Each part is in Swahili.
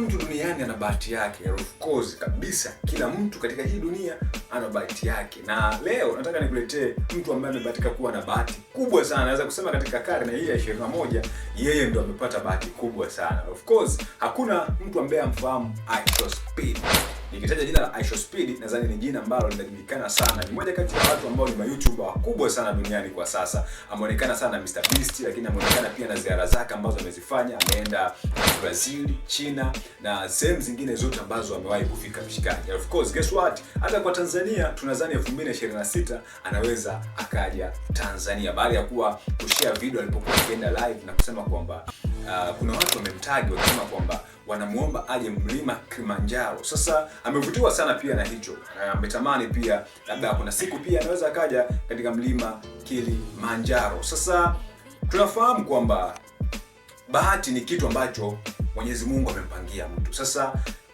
mtu duniani ana bahati yake, of course kabisa. Kila mtu katika hii dunia ana bahati yake, na leo nataka nikuletee mtu ambaye amebahatika kuwa na bahati kubwa sana. Naweza kusema katika karne hii ya 21 yeye ndo amepata bahati kubwa sana. Of course hakuna mtu ambaye amfahamu Aisha Nikitaja jina la Speed, nadhani ni jina ambalo linajulikana sana. Ni moja kati ya watu ambao ni ma YouTuber wakubwa sana duniani kwa sasa. Ameonekana sana Mr Beast, lakini ameonekana pia na ziara zake ambazo amezifanya. Ameenda Brazil, China na sehemu zingine zote ambazo amewahi kufika mshikaji. Of course, guess what? Hata kwa Tanzania tunadhani 2026 anaweza akaja Tanzania baada ya kuwa kushare video alipokuwa akienda live na kusema kwamba Ah, kuna watu wamemtagi wakisema kwamba wanamuomba aje mlima Kilimanjaro. Sasa amevutiwa sana pia na hicho, ah, ametamani uh, pia labda kuna siku pia anaweza akaja katika mlima Kilimanjaro. Sasa tunafahamu kwamba bahati ni kitu ambacho Mwenyezi Mungu amempangia mtu. Sasa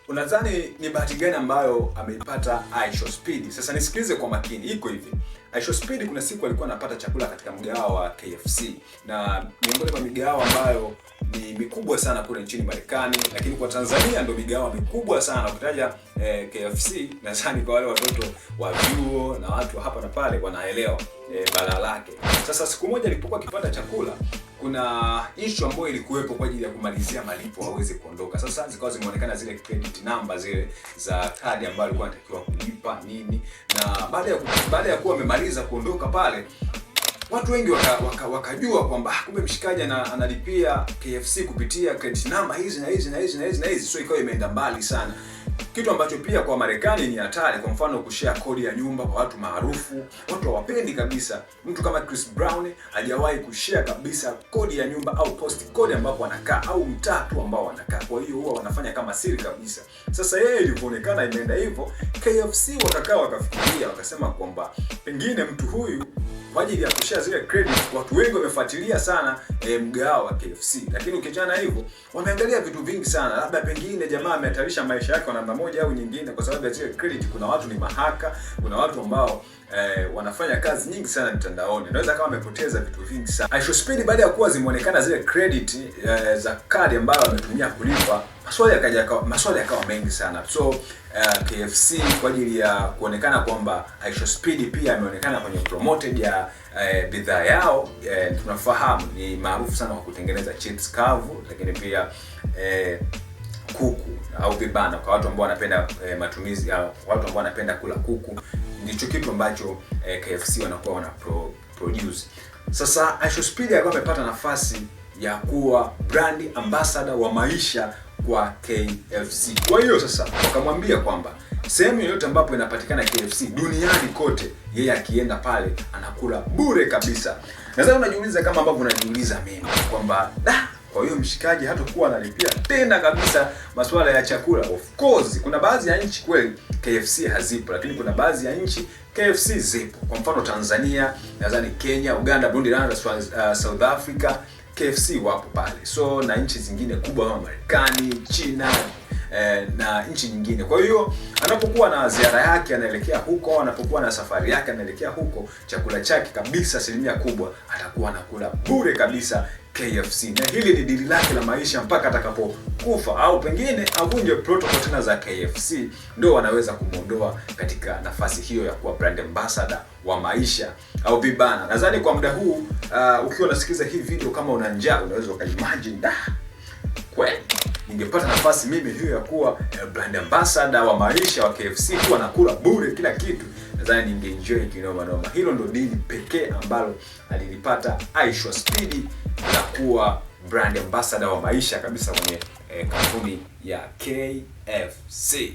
unadhani ni bahati gani ambayo ameipata Aisha Speed? Sasa nisikilize kwa makini, iko hivi. Aisha Speed kuna siku alikuwa anapata chakula katika mgahawa wa KFC na miongoni mwa migahawa ambayo mikubwa sana kule nchini Marekani, lakini kwa Tanzania ndio migahawa mikubwa sana ukitaja eh, KFC nadhani kwa wale watoto wa vyuo na watu hapa na pale wanaelewa eh, balaa lake. Sasa siku moja nilipokuwa kipata chakula kuna issue ambayo ilikuwepo kwa ajili ya kumalizia malipo aweze kuondoka. Sasa zikawa zimeonekana zile credit number zile za kadi ambayo alikuwa anatakiwa kulipa nini, na baada ya baada ya kuwa amemaliza kuondoka pale watu wengi wakajua waka, waka kwamba ah, kumbe mshikaji analipia KFC kupitia credit number hizi na hizi na hizi na hizi na hizi, so ikawa imeenda mbali sana kitu ambacho pia kwa Marekani ni hatari. Kwa mfano kushare kodi ya nyumba kwa watu maarufu, watu hawapendi kabisa. Mtu kama Chris Brown hajawahi kushare kabisa kodi ya nyumba au post kodi ambapo anakaa au mtaa tu ambao anakaa, kwa hiyo huwa wanafanya kama siri kabisa. Sasa yeye ilivyoonekana imeenda hivyo, KFC wakakaa wakafikiria, wakasema kwamba pengine mtu huyu kwa ajili ya kushare zile credit, watu wengi wamefuatilia sana e, eh, mgao wa KFC, lakini ukichana hivyo wameangalia vitu vingi sana, labda pengine jamaa amehatarisha maisha yake wanamna moja au nyingine, kwa sababu ya zile credit. Kuna watu ni mahaka, kuna watu ambao eh, wanafanya kazi nyingi sana mtandaoni, naweza kama amepoteza vitu vingi sana. IShowSpeed baada ya kuwa zimeonekana zile credit eh, za kadi ambayo ametumia kulipa, maswali yakaja, maswali yakawa mengi sana so Uh, eh, KFC kwa ajili ya kuonekana kwamba IShowSpeed pia ameonekana kwenye promoted ya uh, bidhaa yao uh, tunafahamu ni maarufu sana kwa kutengeneza chips kavu, lakini pia uh, kuku au vibana kwa watu ambao wanapenda e, matumizi ya watu ambao wanapenda kula kuku, ndicho kitu ambacho e, eh, KFC wanakuwa wana pro, produce. Sasa Ashuspeed alikuwa amepata nafasi ya kuwa brand ambassador wa maisha kwa KFC. Kwa hiyo sasa wakamwambia kwamba sehemu yoyote ambapo inapatikana KFC duniani kote, yeye akienda pale anakula bure kabisa. Nadhani unajiuliza kama ambavyo unajiuliza mimi kwamba da kwa hiyo mshikaji hatakuwa analipia tena kabisa masuala ya chakula. Of course kuna baadhi ya nchi kweli KFC hazipo, lakini kuna baadhi ya nchi KFC zipo. Kwa mfano Tanzania, nadhani Kenya, Uganda, Burundi, Rwanda, uh, South Africa KFC wapo pale, so na nchi zingine kubwa kama Marekani, China eh, na nchi nyingine. Kwa hiyo anapokuwa na ziara yake anaelekea huko, anapokuwa na safari yake anaelekea huko, chakula chake kabisa asilimia kubwa atakuwa anakula bure kabisa KFC na hili ni dili lake la maisha mpaka atakapokufa au pengine avunje protocol tena za KFC, ndio wanaweza kumwondoa katika nafasi hiyo ya kuwa brand ambassador wa maisha au bibana. Nadhani kwa muda huu uh, ukiwa unasikiliza hii video, kama una njaa, unaweza ukaimagine da, kweli ningepata nafasi mimi hiyo ya kuwa eh, brand ambassador wa maisha wa KFC, kuwa nakula bure kila kitu nadhani ningeenjoy kinoma noma. Hilo ndo dili pekee ambalo alilipata Aishwa Speed na kuwa brand ambassador wa maisha kabisa kwenye eh, kampuni ya KFC.